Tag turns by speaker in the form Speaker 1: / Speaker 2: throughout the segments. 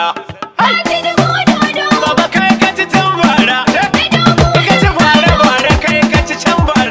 Speaker 1: bara. Baba kai ka ci can bara. Ka ci bara bara kai ka ci can bara.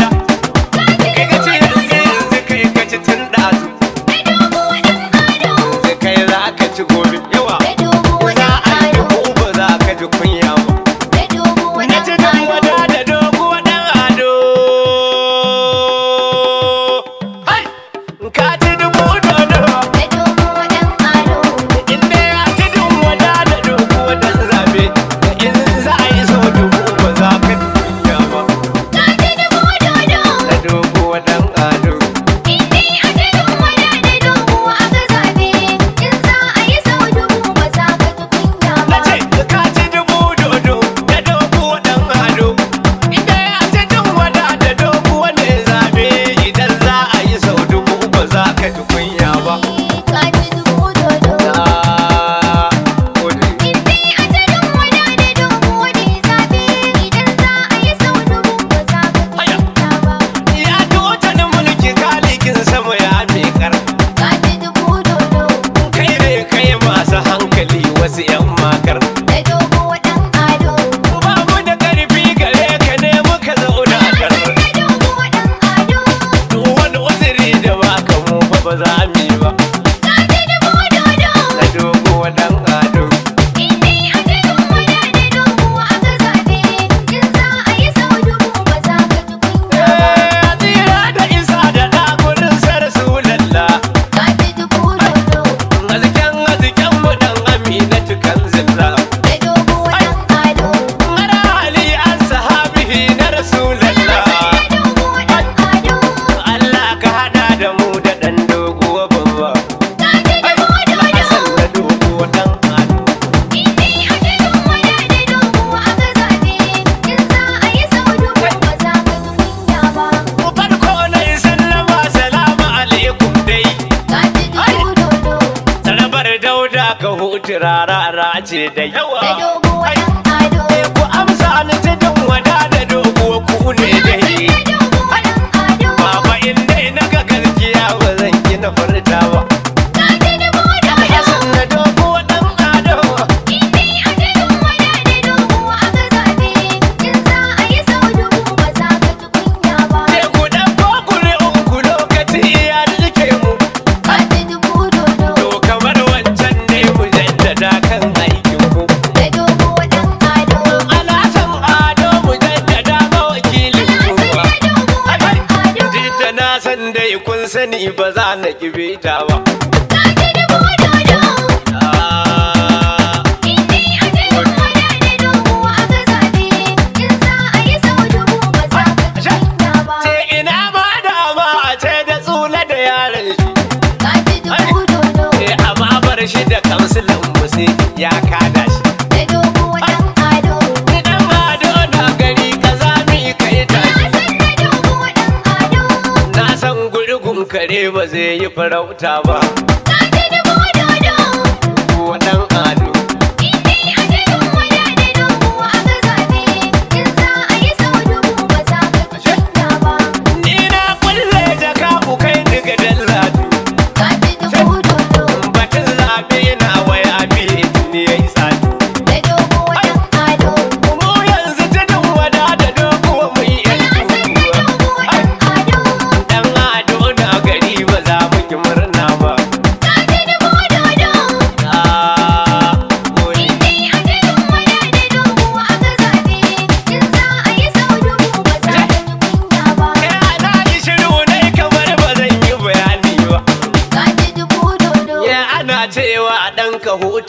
Speaker 1: ka hutu rara ce da yawa sani ba za na kibe ta ba kare ba zai yi farauta ba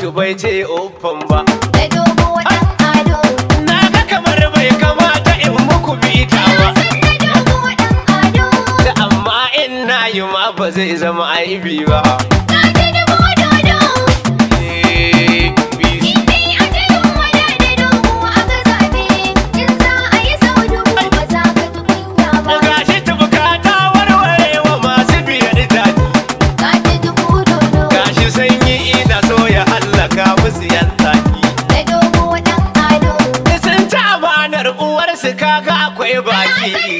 Speaker 1: mutu ce uffan ba da dogo dan ado na ga kamar bai kamata in muku bita ba da amma in na yi ma ba zai zama aibi ba kaga akwai baki